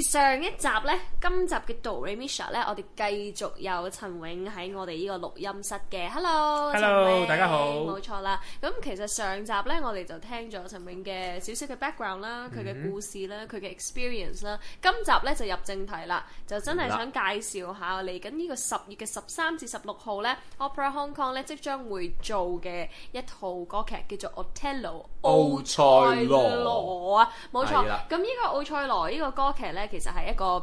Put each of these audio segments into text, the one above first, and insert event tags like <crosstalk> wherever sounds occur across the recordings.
上一集咧，今集嘅導演 Michelle 咧，我哋繼續有陳永喺我哋呢個錄音室嘅。Hello，hello Hello, 大家好，冇錯啦。咁其實上集咧，我哋就聽咗陳永嘅小小嘅 background 啦，佢嘅故事啦，佢嘅，mm-hmm，experience 啦。今集咧就入正題啦，就真係想介紹下嚟緊呢個十月嘅十三至十六號咧，Opera Hong Kong 咧即將會做嘅一套歌劇叫做 Otello, Otello 奧賽羅啊，冇錯，咁呢個奧賽羅呢個歌劇咧。其實係一個誒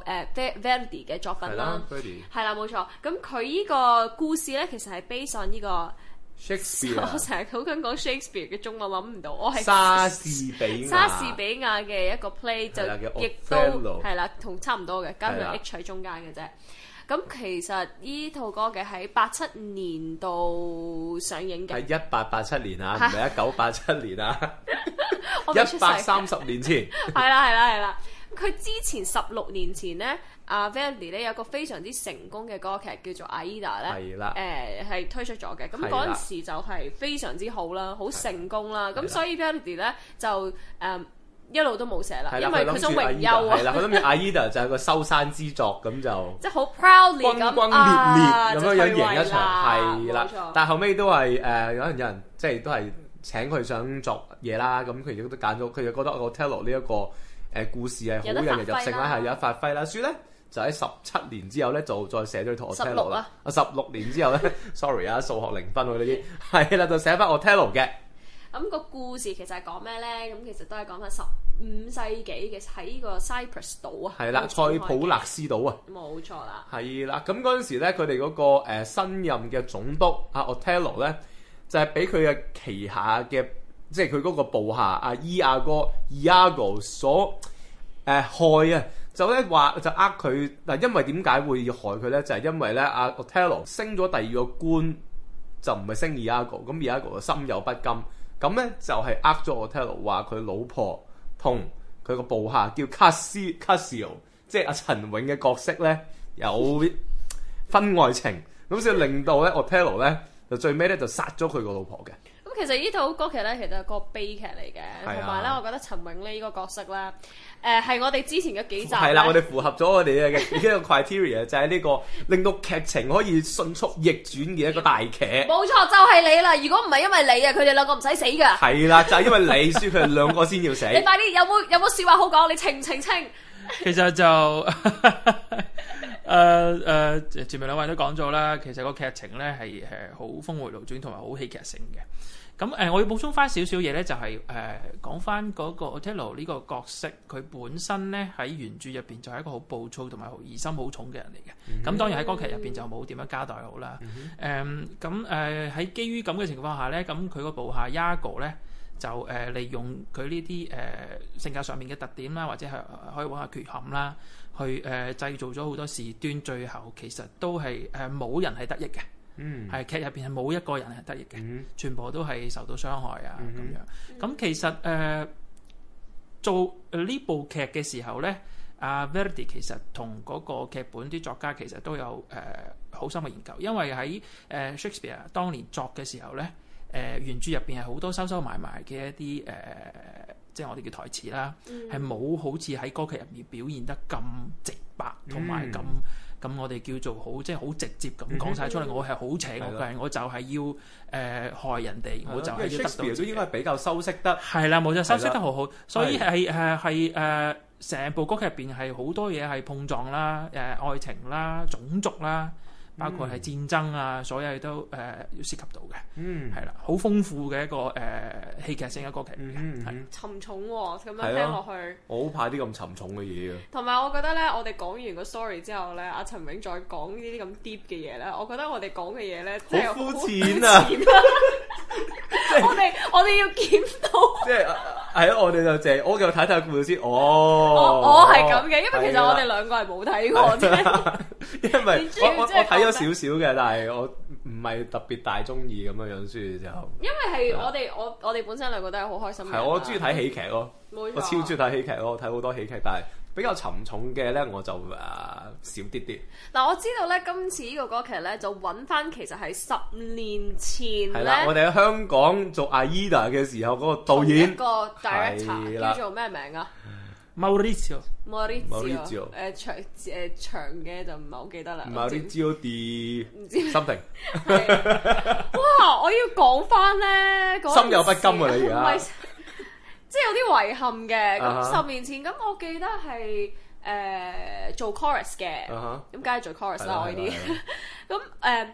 Verdi 嘅作品啦、啊，係啦，冇錯。咁佢依個故事咧，其實係 base 喺呢個 Shakespeare，我成日好咁講 Shakespeare 嘅中文諗唔到我，我係莎士比亞，莎士比亞嘅一個 play 就亦都係啦，同差唔多嘅，跟住 H 喺中間嘅啫。咁其實依套歌嘅喺八七年度上映嘅，係一八八七年啊，唔係一九八七年啊，一百三十年前，係 <laughs> 啦，係啦，係啦。佢之前十六年前咧，阿 Verdi 咧有個非常之成功嘅歌劇叫做 Aida 呢《Aida、呃》咧，誒係推出咗嘅。咁嗰陣時就係非常之好啦，好成功啦。咁、嗯、所以 Verdi 咧就、呃、一路都冇寫啦，因為佢想榮休啊。佢諗住《Aida》就係個收山之作，咁 <laughs> 就即係好 proudly 咁啊，咁樣贏一場係啦。但後尾都係誒、呃、有人即係都係請佢想作嘢啦。咁佢亦都揀咗，佢就覺得我聽落呢一個。誒，故事係好引人入勝啦，係有得發揮啦。書咧就喺十七年之後咧，就再寫咗、啊《Otello 啦。啊，十六年之後咧 <laughs> ，sorry 啊，數學零分喎、啊，你啲係啦，就寫翻、嗯《Otello》嘅。咁個故事其實係講咩咧？咁其實都係講翻十五世紀嘅喺個 Cyprus 島啊。係啦，塞浦路斯島啊。冇錯啦。係啦，咁嗰陣時咧，佢哋嗰個誒新任嘅總督啊，Otello 咧，就係俾佢嘅旗下嘅。即係佢嗰部下阿伊阿哥伊阿哥所誒害啊，Iago, Iago 呃、害就咧話就呃佢嗱，因為點解要害佢咧？就係、是、因為咧阿 Othello 升咗第二個官，就唔係升伊阿哥，咁伊阿哥就心有不甘，咁咧就係呃咗 Othello 話佢老婆同佢個部下叫 Cassio 即係阿陳永嘅角色咧有婚外情，咁所以令到咧 Othello 咧就最尾咧就殺咗佢個老婆嘅。其實呢套歌劇咧，其實係個悲劇嚟嘅，同埋咧，我覺得陳永呢個角色啦，誒、呃、係我哋之前嘅幾集係啦、啊，我哋符合咗我哋嘅呢個 criteria， <laughs> 就係呢、這個令到劇情可以迅速逆轉嘅一個大劇。冇錯，就係、是、你啦！如果唔係因為你他們啊，佢哋兩個唔使死噶。係啦，就是、因為你輸，佢哋兩個先要死。 <laughs> 你快啲有冇有冇笑話好講？你澄唔澄清，清？其實就。 <laughs> 誒、呃、誒、呃，前面兩位都講咗啦，其實個劇情咧係好峰迴路轉同埋好戲劇性嘅。咁、呃、我要補充翻少少嘢咧，就係誒講翻嗰個 Otello 呢個角色，佢本身咧喺原著入面就係一個好暴躁同埋好疑心好重嘅人嚟嘅。咁、mm -hmm. 當然喺歌劇入面就冇點樣交代好啦。誒咁誒喺基於咁嘅情況下咧，咁佢個部下 Yago 咧就誒、呃、利用佢呢啲誒性格上面嘅特點啦，或者係可以揾下缺陷啦。去誒、呃、製造咗好多事端，最後其實都係誒冇人係得益嘅，係、mm. 劇入面係冇一個人係得益嘅，mm -hmm. 全部都係受到傷害啊咁、mm -hmm. 樣。咁其實、呃、做呢部劇嘅時候咧，阿、啊、Verdi 其實同嗰個劇本啲作家其實都有誒好、呃、深嘅研究，因為喺、呃、Shakespeare 當年作嘅時候咧、呃，原著入面係好多收收埋埋嘅一啲即、就、係、是、我哋叫台詞啦，係、嗯、冇好似喺歌劇入面表現得咁直白同埋咁咁，嗯、還有我哋叫做好即係好直接咁講晒出嚟、嗯。我係好邪惡嘅，我就係要誒、呃、害人哋，我就係要得到。都應該比較修飾得係啦，冇錯，就修飾得好好。所以係誒係誒，成、呃呃、部歌劇入邊係好多嘢係碰撞啦，誒、呃、愛情啦，種族啦。包括係戰爭啊，嗯、所有嘢都誒、呃、要涉及到嘅，嗯，係啦，好豐富嘅一個誒、呃、戲劇性嘅歌劇，嗯嗯是，沉重喎、啊，咁樣聽落去，我好怕啲咁沉重嘅嘢啊。同埋我覺得咧，我哋講完個 story 之後咧，阿陳永再講呢啲咁 deep 嘅嘢咧，我覺得我哋講嘅嘢咧，好膚淺啊！淺啊 <laughs> <laughs> 就是、 <laughs> 我哋我哋要檢討。即、就、係、是啊。係咯，我哋就借，我又睇睇故事先。哦，我我係咁嘅，因為其實我哋兩個係冇睇過嘅。 <laughs> <laughs> 因為我 <laughs> 我睇咗少少嘅，但係我唔係特別大中意咁嘅樣，所以就因為係我哋我我哋本身兩個都係好開心嘅。係我中意睇喜劇咯，我超中意睇喜劇咯，睇好多喜劇，但係。比較沉重嘅咧，我就誒、啊、少啲啲。嗱、啊，我知道咧，今次呢個歌劇咧，就揾翻其實係十年前咧。係啦，我哋喺香港做阿依達嘅時候，嗰個導演個 director 叫做咩名啊？Maurizio。Maurizio、呃。長嘅、呃、就唔係好記得啦。Maurizio d de... 唔知。Something <laughs> 。哇！我要講翻咧，心有不甘啊你！你而家。即、就、係、是、有啲遺憾嘅，咁十年前咁、uh -huh. 我記得係誒、呃、做 chorus 嘅，咁梗係做 chorus 啦我呢啲，咁、uh、誒 -huh. uh -huh. <laughs> 呃、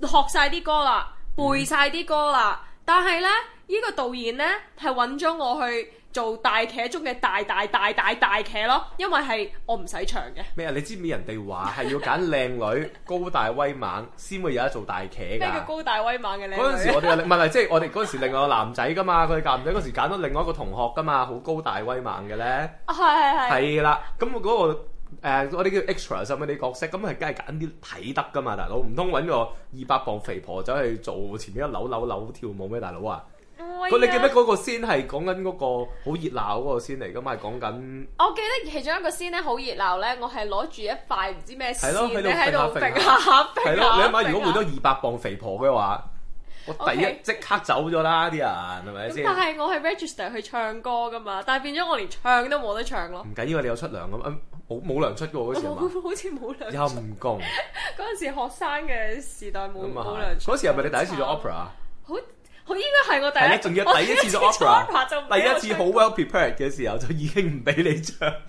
學晒啲歌啦，背晒啲歌啦，uh -huh. 但係呢，呢、呢個導演呢，係搵咗我去。做大茄中嘅大，大大大大大茄咯，因為係我唔使長嘅。咩啊？你知唔知人哋話係要揀靚女 <laughs> 高大威猛先會有得做大茄噶？咩叫高大威猛嘅靚女？嗰陣時我哋唔係係，即係、就是、我哋陣時另外有男仔噶嘛，佢夾唔到嗰時揀咗另外一個同學噶嘛，好高大威猛嘅咧。係係係。係啦，咁我嗰個誒，我、那、哋、個呃那個、叫 extra 咁嘅啲角色，咁係梗係揀啲睇得噶嘛，大佬，唔通揾個二百磅肥婆走去做前面一扭扭扭跳，跳舞咩，大佬啊？佢、哎、你記，記得嗰個先係講緊嗰個好熱鬧嗰個先嚟，咁係講緊。我記得其中一個先咧好熱鬧咧，我係攞住一塊唔知咩先喺度喺度冰下冰。係咯，你諗下如果換咗二百磅肥婆嘅話，我第一即、okay. 刻走咗啦，啲人係咪先？是是但係我係 register 去唱歌噶嘛，但係變咗我連唱都冇得唱咯。唔緊要，因為你有出糧噶嘛？冇、啊、糧出嗰時好似冇糧。陰功。嗰 <laughs> 陣 <laughs> 時學生嘅時代冇冇糧出的。嗰時係咪你第一次做 opera？好。我應該係我第一次的，要第一次 opera 第一次好 well prepared 嘅時候就已經唔俾你着 <laughs> 。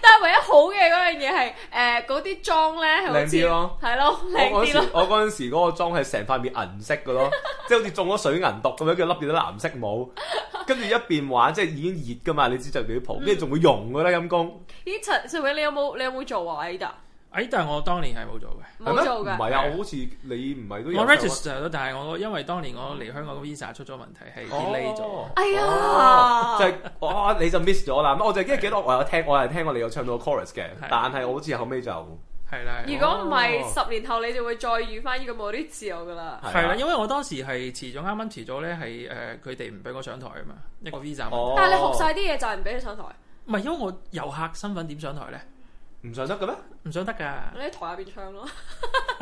但係唯一好嘅嗰樣嘢係誒嗰啲妝咧，靚、呃、咯，係咯，靚啲、哦、我嗰時 <laughs> 我時嗰個妝係成塊面銀色嘅咯， <laughs> 即好似中咗水銀毒咁樣，跟住掉啲藍色帽，跟住一邊玩，即已經熱㗎嘛，你知就啲蒲，跟住仲會溶㗎啦陰功。咦陳少偉，你有冇你有冇做啊喺度？但係我當年係冇做嘅，冇做嘅，唔係啊！我好似你唔係都有我 register 但係我因為當年我嚟香港嘅 visa 出咗問題，係 delay 咗，哎呀 <laughs> 就係，即係你就 miss 咗啦。我就記得我記得我有聽，我係聽，聽過你有唱到 chorus 嘅，係但係我好似後尾就係啦。係係哦、如果唔係十年後，你就會再遇翻呢個冇啲自由噶啦。係啦，因為我當時係遲咗啱啱遲咗咧，係誒佢哋唔俾我上台啊嘛，一個 visa。哦、但係你學晒啲嘢就係唔俾佢上台？唔、哦、係，因為我遊客身份點上台咧？唔上得嘅咩？唔上得噶，你喺台下邊唱咯。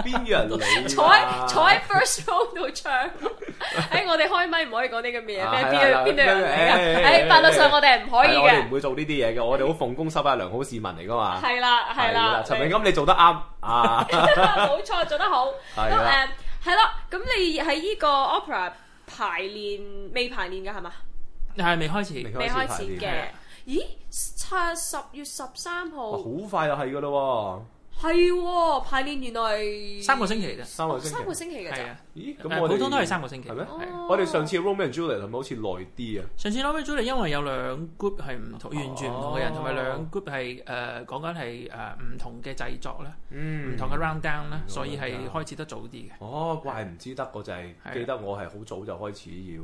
邊啲人嚟？坐喺坐喺 first floor 度唱。喺我哋開咪唔可以講啲咁嘅嘢咩？邊邊度嚟？喺法律上我哋係唔可以嘅。我哋唔會做呢啲嘢嘅。我哋好奉公守法良好市民嚟噶嘛？係啦，係啦。陳明金你做得啱啊！冇錯，做得好。咁誒係啦，咁你喺呢個 opera 排練未排練噶係嘛？係未開始，未開始嘅。咦，七十月十三號，好、啊、快又係噶咯喎！係喎，排練原來係三個星期啫，三個星期，三個星期嘅咋？咦、哦，咁我哋普通都係三個星期。係咩、哦哦？我哋上次 Romeo and Juliet 係咪好似耐啲啊？上次 Romeo and Juliet 因為有兩 group 係唔同，完全唔同嘅人，哦呃呃、同埋兩 group 係誒講緊係唔同嘅製作啦，唔、嗯、同嘅 round down 啦，所以係開始得早啲嘅。哦，怪唔知得，我就係記得我係好早就開始要。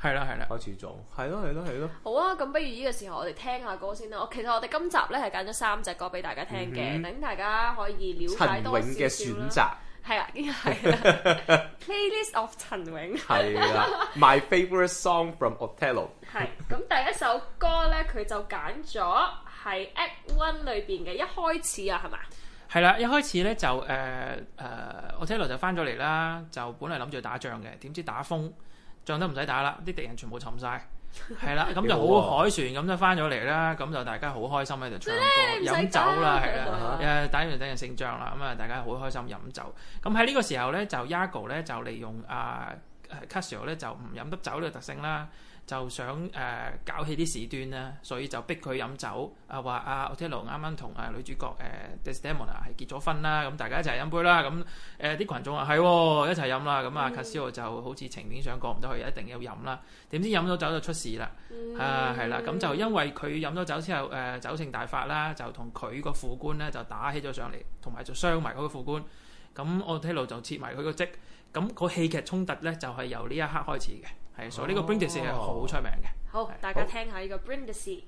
係啦係啦，開始做。係咯係咯係咯。好啊，咁不如呢個時候我哋聽下歌先啦。我其實我哋今集咧係揀咗三隻歌俾大家聽嘅，等、嗯、大家可以了解多點點。陳永嘅選擇。係啊，已經係啦。 <laughs> Playlist of 陳永係啦。 <laughs> My favourite song from Othello。係。咁第一首歌咧，佢就揀咗係 Act One 裏邊嘅一開始啊，係嘛？係啦，一開始咧就誒誒、呃呃，Othello 就翻咗嚟啦，就本嚟諗住打仗嘅，點知打風。仗都唔使打啦，啲敵人全部沉晒，係 <laughs> 啦，咁就好海船咁就翻咗嚟啦，咁就大家好開心喺度唱歌飲 <laughs> 酒啦，係啦，誒 <laughs> 打完敵人勝仗啦，咁啊大家好開心飲酒，咁喺呢個時候咧就 Iago 咧就利用啊，啊 Cassio 咧就唔飲得酒呢個特性啦。就想誒搞、呃、起啲事端啦，所以就逼佢飲酒啊，話阿 Othello 啱啱同啊女主角誒、呃、Desdemona 係結咗婚啦，咁大家一齊飲杯啦，咁誒啲群眾係喎，一齊飲啦，咁啊卡西奧就好似情面上過唔到去，一定要飲啦。點知飲咗酒就出事啦啊，係啦，咁、嗯嗯嗯、就因為佢飲咗酒之後誒、呃、酒性大發啦，就同佢個副官咧就打起咗上嚟，同埋就傷埋佢個副官，咁 Othello 就撤埋佢個職，咁、嗯那個戲劇衝突咧就係、是、由呢一刻開始嘅。係，所以呢個 Brindisi 係、哦、好出名嘅。好，大家聽下呢個 Brindisi。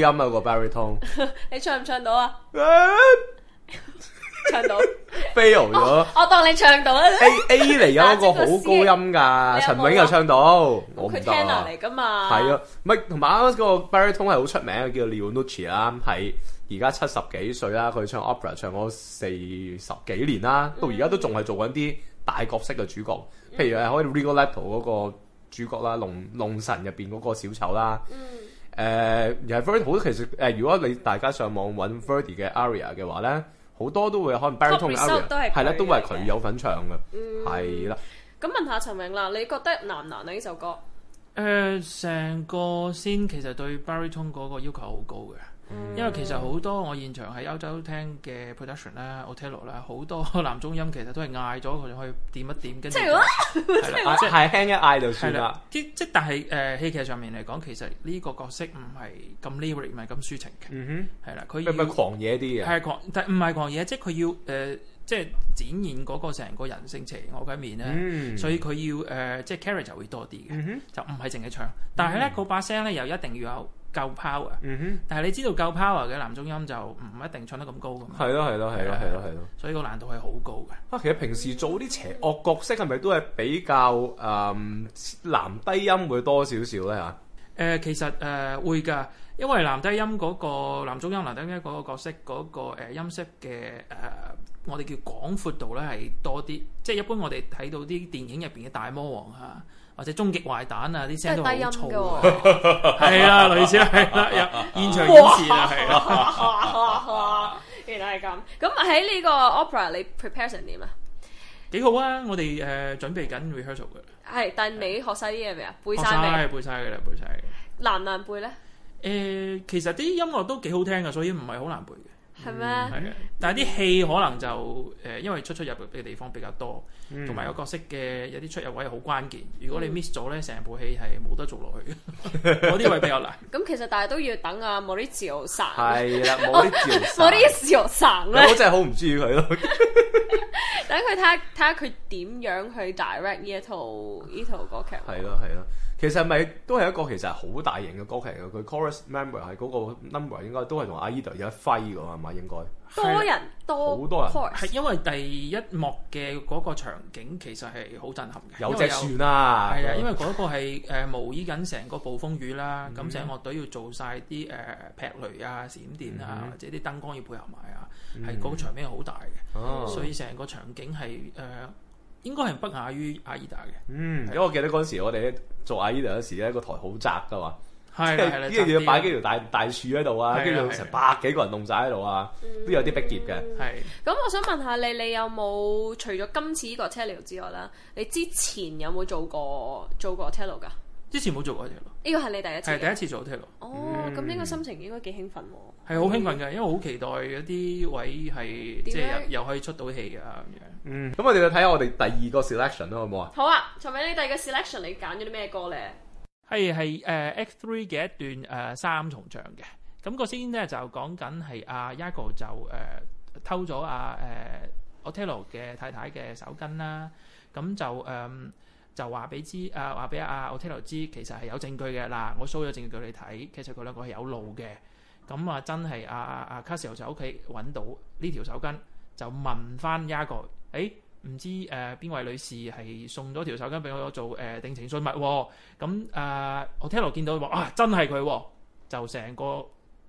音、那、啊個 baritone， <laughs> 你唱唔唱到啊？ <laughs> 唱到 <laughs> ，fail 咗了、oh, <laughs> 我當你唱到啊 <laughs> A A 嚟有一個好高音噶，陳永又唱到，你有有我唔得。佢 tenor 嚟噶嘛？係啊，唔係同埋啱啱嗰個 baritone 係好出名嘅，叫做 Leonucci 啦，係而家七十幾歲啦，佢唱 Opera 唱咗四十幾年啦，到而家都仲係做緊啲大角色嘅主角，譬如係可以 Rigoletto 嗰個主角啦，龍《龍龍神》入邊嗰個小丑啦。嗯誒而係 Verdi 好，其實誒、呃，如果你大家上網揾 Verdi 嘅 aria 嘅話咧，好多都會有可能 Baritone aria 係咧，都係佢有份唱嘅，係、嗯、啦。咁、嗯、問一下陳明啦，你覺得難唔難咧呢首歌？誒、呃，成個先其實對 Baritone 嗰個要求好高嘅。嗯、因為其實好多我現場喺歐洲聽嘅 production 啦咧，Otello 啦，好多男中音其實都係嗌咗佢就可以點一點，跟住係啦， <laughs> 對了 <laughs> 就是、輕一嗌就算啦。啲即係但係誒、呃、戲劇上面嚟講，其實呢個角色唔係咁 lyric，唔係咁抒情嘅。嗯係啦，佢係咪狂野啲嘅？係狂，但唔係狂野，即係佢要誒即係展現嗰個成個人性情、外一面咧、嗯。所以佢要誒即係 character 就會多啲嘅、嗯。就唔係淨係唱，嗯、但係咧嗰把聲咧又一定要有。夠 power，但係你知道夠 power 嘅男中音就唔一定唱得咁高噶嘛？係咯、係咯、係咯、係咯、係咯，所以個難度係好高嘅。啊，其實平時做啲邪惡角色係咪都係比較誒男低音會多少少咧嚇？誒，其實誒會㗎，因為男低音嗰個男中音男低音嗰個角色嗰個音色嘅誒，我哋叫廣闊度咧係多啲，即係一般我哋睇到啲電影入邊嘅大魔王嚇。或者終極壞蛋啊！啲聲音都好粗，係、 <laughs> 啊、 <laughs> 對啦， <laughs> 類似啦，入現場演示啦，係啦， <laughs> 原來係咁。咁喺呢個 opera，你 prepare 成點啊？幾好啊！我哋誒、呃、準備緊 rehearsal 嘅。係，但係你學晒啲嘢未啊？背曬未？背晒嘅啦，背晒。嘅。難唔難背咧？誒、呃，其實啲音樂都幾好聽嘅，所以唔係好難背。係咩？係、嗯、但係啲戲可能就因為出出入入嘅地方比較多，同、嗯、埋有角色嘅有啲出入位好關鍵。如果你 miss 咗咧，成、嗯、部戲係冇得做落去。嗰啲位比較難。咁 <laughs> 其實但係都要等阿、啊、莫里哲神。係啦，莫里哲神，莫 <laughs> <laughs> 里哲神啦。我真係好唔中意佢咯。等佢睇下睇下佢點樣去 direct 呢一套呢套歌劇。係咯，係咯。其實咪都係一個其實係好大型嘅歌劇嘅，佢 chorus member 係嗰個 number 應該都係同阿 Eda 有一揮嘅嘛，係咪應該？多人，多好多人 chorus 係因為第一幕嘅嗰個場景其實係好震撼嘅，有隻船啊，係啊，因為嗰個係、 <laughs> 呃、模擬緊成個暴風雨啦，咁、嗯、成樂隊要做晒啲誒劈雷啊、閃電啊，嗯、或者啲燈光要配合埋啊，係、嗯、嗰個場面好大嘅、哦，所以成個場景係誒。呃應該係不亞於阿爾達嘅。嗯，因為我記得嗰陣時我哋做阿爾達嗰時咧，個台好窄噶嘛。係係啦。跟住要擺幾條大大樹喺度啊，跟住成百幾個人弄晒喺度啊，都有啲逼夾嘅。係。咁我想問下你，你有冇除咗今次呢個車療之外咧，你之前有冇做過做過車療㗎？之前冇做過 Otello 呢個係你第一次，係第一次做過哦，咁呢個心情應該幾興奮喎。係好興奮嘅，因為好期待有啲位係即係又可以出到戲嘅咁樣。嗯，咁我哋就睇下我哋第二個 selection 啦，好唔好啊？好啊，陳偉，你第二個 selection 你揀咗啲咩歌咧？係係誒 X3 嘅一段誒、呃、三重唱嘅，咁、那個先咧就講緊係阿 Iago 就誒、呃、偷咗阿、啊、誒、呃、Otello 嘅太太嘅手巾啦，咁就誒。呃就話俾知，誒話俾阿我聽樓知，其實係有證據嘅嗱，我 show 咗證據佢你睇，其實佢兩個係有路嘅。咁啊，真係阿阿阿卡 o 就喺屋企揾到呢條手巾，就問翻丫個，誒、欸、唔知誒邊、呃、位女士係送咗條手巾俾我做誒、呃、定情信物喎、哦？咁誒我聽 o 見到話，啊真係佢、哦，就成個。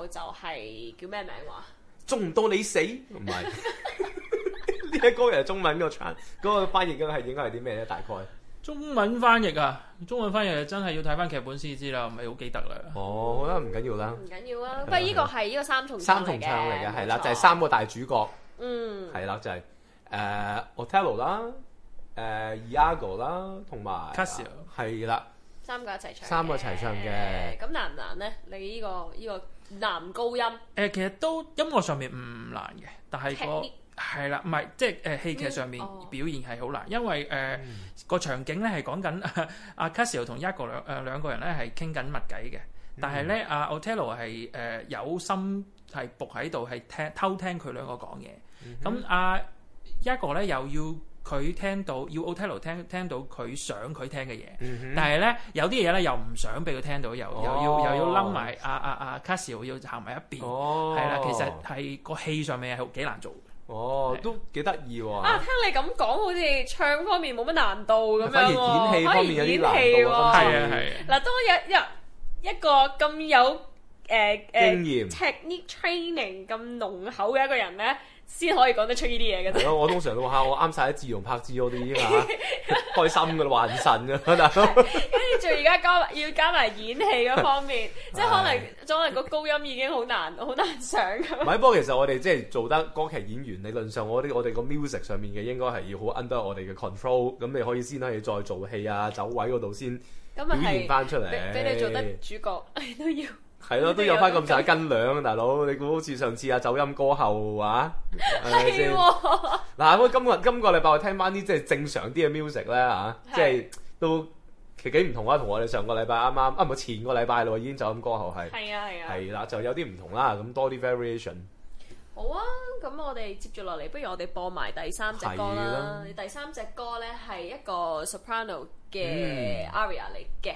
就就是，係叫咩名話？中唔到你死？唔係，呢啲歌又係中文呢個唱，嗰、嗰個翻譯嘅個係應該係啲咩咧？大概中文翻譯啊，中文翻譯真係要睇翻劇本先知啦，唔係好記得啦。哦，嗯、好啦，唔緊要啦，唔緊要啊。不過依個係呢個三重三重唱嚟嘅，係啦，就係、是、三個大主角，嗯，係、就是呃、啦，就係誒 Otello 啦，誒 Iago 啦，同埋 Cassio，係啦，三個一齊唱，三個一齊唱嘅。咁難唔難咧？你呢個依個。這個男高音、呃？其實都音樂上面唔難嘅，但係、嗰個係啦，唔係即係、呃、戲劇上面表現係好難，嗯哦，因為誒、呃嗯嗰個場景咧係講緊阿 Cassio 同 Iago 兩誒、呃、兩個人咧係傾緊密偈嘅，但係咧阿 Otello 係誒有心係伏喺度係聽偷聽佢兩個講嘢，咁、嗯、阿、嗯啊、Iago 咧又要。佢聽到要 Otello 聽聽到佢想佢聽嘅嘢，但係咧有啲嘢咧又唔想俾佢聽到，又又要又要冧埋啊啊啊 Cassio 要行埋一邊，係啦，其實係個戲上面係幾難做。哦，都幾得意喎！啊，聽你咁講，好似唱方面冇乜難度咁樣喎，可以演戲喎，係啊係。嗱，當一一一個咁有誒誒經驗 technical training 咁濃厚嘅一個人咧，先可以講得出呢啲嘢嘅。係我通常都話我啱晒啲字用拍字嗰啲啊嘛，開心㗎咯，話神㗎嘅。跟住仲而家加要加埋演戲嗰方面， <laughs> 即係可能可能個高音已經好難好難上咁。唔係，不過其實我哋即係做得歌劇演員，理論上我啲我哋個 music 上面嘅應該係要好 under 我哋嘅 control，咁你可以先可以再做戲啊，走位嗰度先表現翻出嚟，俾你做得主角都要。 <laughs> 係咯，都有翻咁大斤兩，大佬。你估好似上次啊，走音歌後 <laughs> 啊，係咪嗱，我 <laughs> 今日今個禮拜我聽翻啲即係正常啲嘅 music 咧嚇，即 <laughs> 係、啊就是、都其幾唔同啊，同我哋上個禮拜啱啱啊唔係前個禮拜咯，已經走音歌後係。係啊係啊。係啦、啊啊啊，就有啲唔同啦，咁多啲 variation。好啊，咁我哋接住落嚟，不如我哋播埋第三隻歌啦、啊。第三隻歌咧係一個 soprano 嘅 aria 嚟嘅，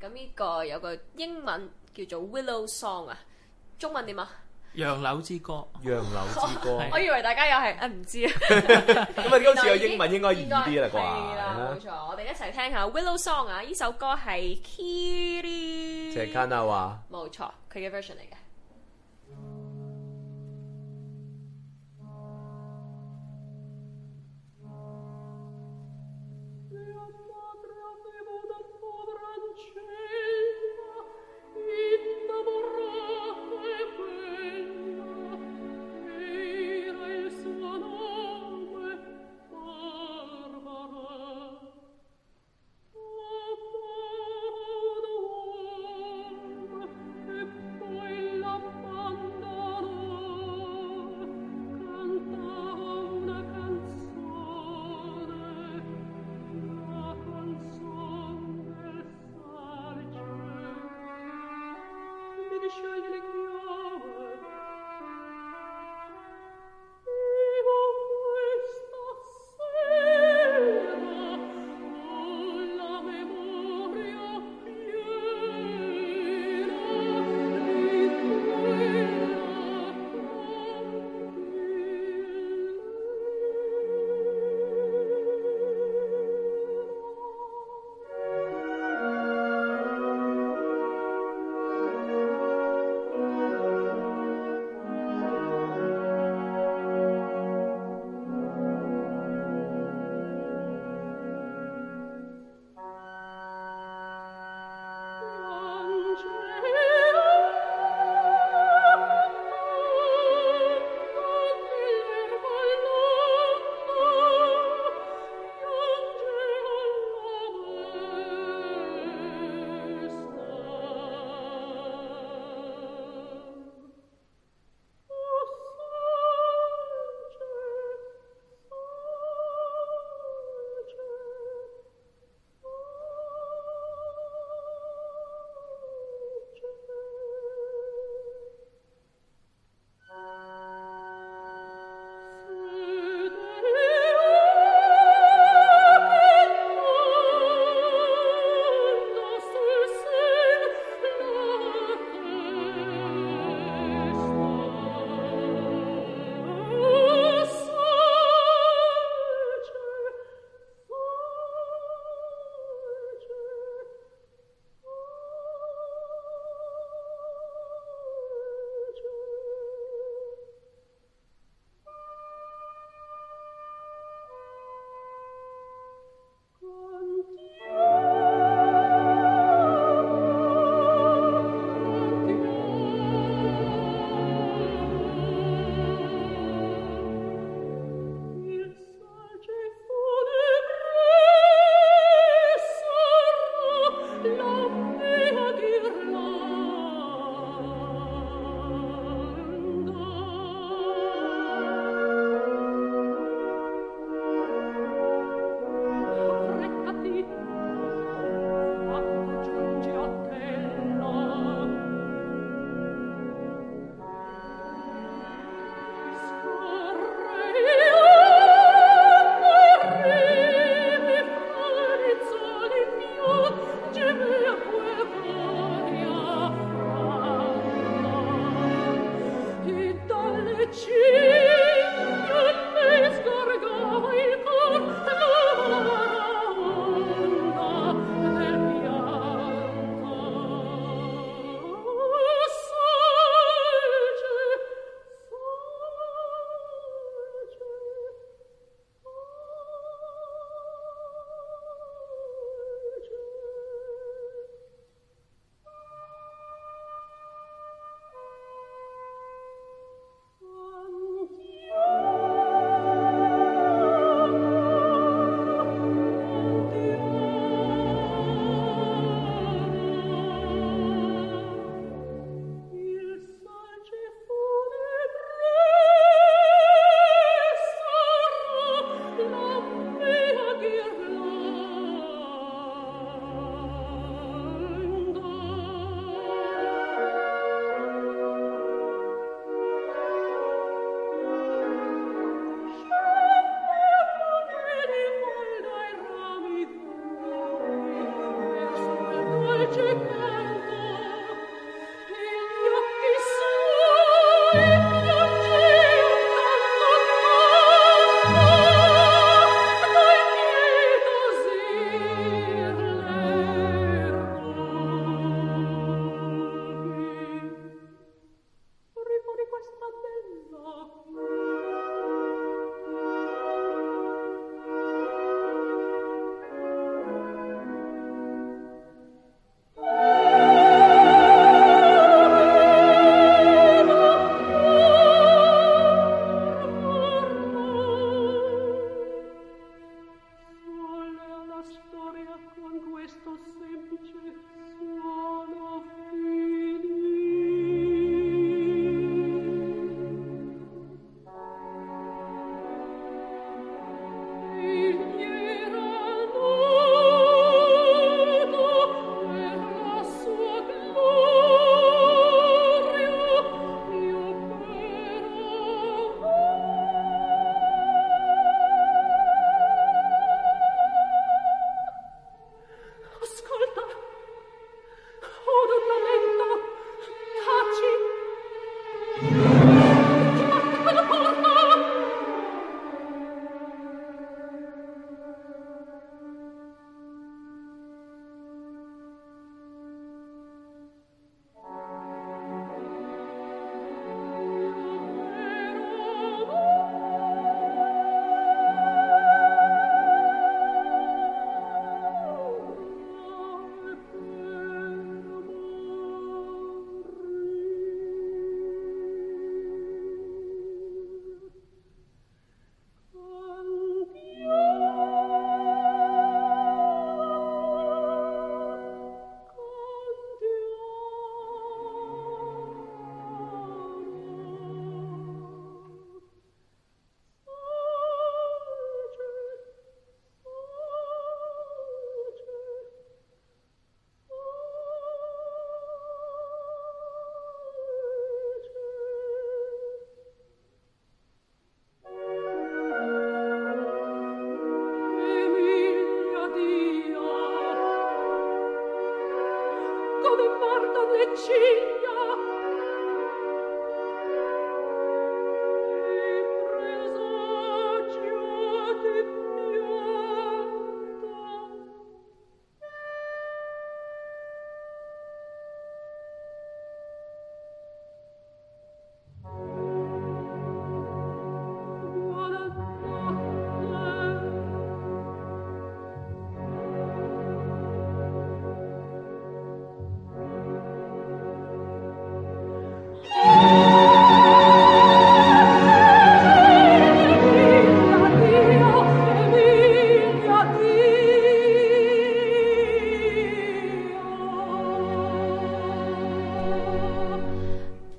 咁、嗯、呢個有個英文。叫做 Willow Song 啊，中文點啊？楊柳之歌，楊柳之歌。我以為大家又係誒唔知啊。咁啊，今次個英文應該易啲啦，啩？冇錯，我哋一齊聽下 Willow Song 啊！呢首歌係 Kiri Te Kanawa。冇錯，佢嘅 version 嚟嘅。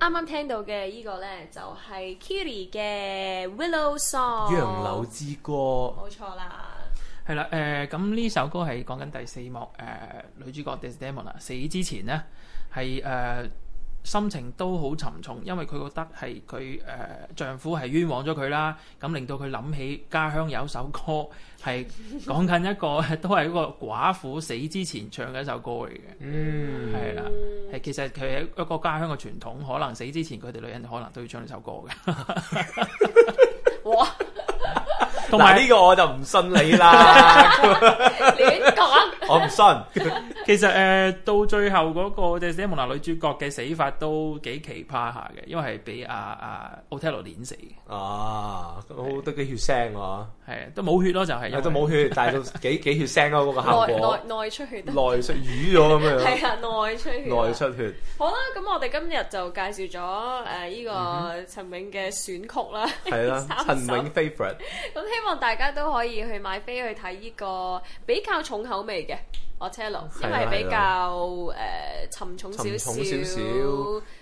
啱啱聽到嘅依個咧就係 Kiri 嘅 Willow Song《楊柳之歌》沒錯了。冇錯啦，係、呃、啦，誒咁呢首歌係講緊第四幕誒、呃、女主角 Desdemona 啦，死之前咧係誒。心情都好沉重，因為佢覺得係佢誒丈夫係冤枉咗佢啦，咁令到佢諗起家鄉有一首歌係講緊一個 <laughs> 都係一個寡婦死之前唱嘅一首歌嚟嘅，係、嗯、啦，係其實佢係一個家鄉嘅傳統，可能死之前佢哋女人可能都要唱呢首歌嘅。 <laughs> 哇！同埋呢個我就唔信你啦。亂講。我唔信。其實誒，到最後嗰個《Desdemona》女主角嘅死法都幾奇葩下嘅，因為係俾阿阿 Otello 攆死嘅。啊，好得幾血腥喎！係啊，都冇血咯，就係。有都冇血，但係都幾幾血腥咯，嗰個效果。內內內出血。內出血咗咁樣。係啊，內出血。內出血。好啦，咁我哋今日就介紹咗誒呢個陳永嘅選曲啦。係啦，陳永 favourite。咁希望大家都可以去買飛去睇呢個比較重口味嘅。我車路，因為比較誒、啊啊呃、沉重少少，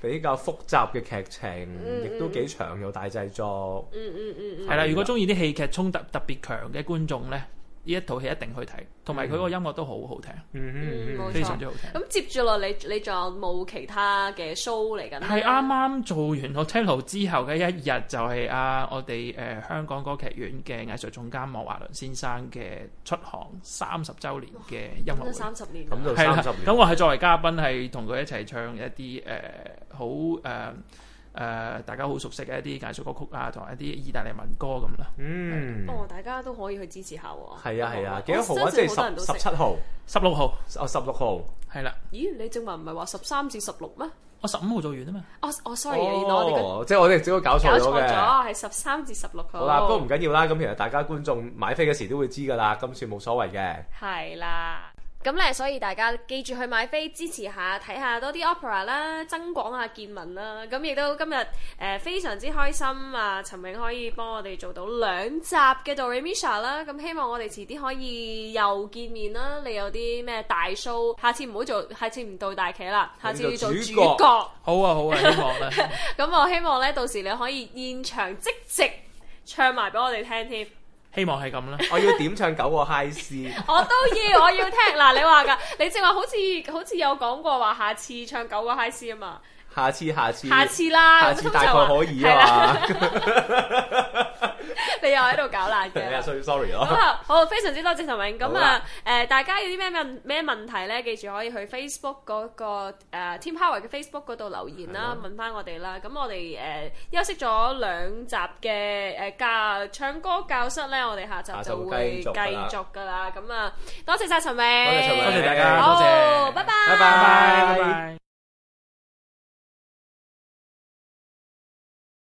比較複雜嘅劇情，亦、嗯、都幾長又大製作。嗯嗯嗯，係、嗯、啦、嗯啊，如果中意啲戲劇衝突特別強嘅觀眾咧，呢一套戲一定去睇，同埋佢個音樂都好好聽，嗯、非常之好聽。咁、嗯、接住落，你你仲有冇其他嘅 show 嚟㗎？係啱啱做完個 Hotel 之後嘅一日，就係啊，我哋、呃、香港歌劇院嘅藝術總監莫華倫先生嘅出行三十週年嘅音樂。三、哦、十年，咁就三十年。咁我係作為嘉賓，係同佢一齊唱一啲誒好誒。呃誒、呃，大家好熟悉嘅一啲藝術歌曲啊，同埋一啲意大利文歌咁啦。嗯，哦，大家都可以去支持下喎。係啊係、嗯、啊，幾多號啊？即係十十七號、十六號、十、哦、十六號，係啦。咦？你正話唔係話十三至十六咩？我十五號做完啊嘛。哦哦，sorry，哦原來我、那個、即係我哋只會搞錯咗嘅。搞錯咗係十三至十六號。好啦，不過唔緊要啦。咁其實大家觀眾買飛嘅時都會知㗎啦，咁算冇所謂嘅。係啦。咁咧，所以大家記住去買飛支持下，睇下多啲 opera 啦，增廣下見聞啦。咁亦都今日、呃、非常之開心啊！陳明可以幫我哋做到兩集嘅 Dorimisha 啦。咁希望我哋遲啲可以又見面啦。你有啲咩大 show？下次唔好做，下次唔到大企啦，下次要做主角。好啊好啊，主角啦。咁 <laughs> 我希望咧，到時你可以現場即席唱埋俾我哋聽添。希望係咁啦， <laughs> 我要點唱九個 high C <laughs> <laughs> 我都要，我要聽。嗱，你話噶，你正話好似好似有講過話，下次唱九個 high C 吖嘛？下次下次，下次啦，下次大概可以啊啦 <laughs> <laughs> 你又喺度搞爛嘅。 <laughs> sorry sorry 咯。好，非常之多謝陳明。咁啊，誒、呃，大家有啲咩問咩問題咧？記住可以去 Facebook 嗰、那個誒、呃、Team Power 嘅 Facebook 嗰度留言啦，啦問翻我哋啦。咁我哋誒、呃、休息咗兩集嘅誒教唱歌教室咧，我哋下集就會繼續噶啦。咁啊，多謝晒陳明，多謝大家，好謝謝多謝，拜拜，拜拜，拜拜。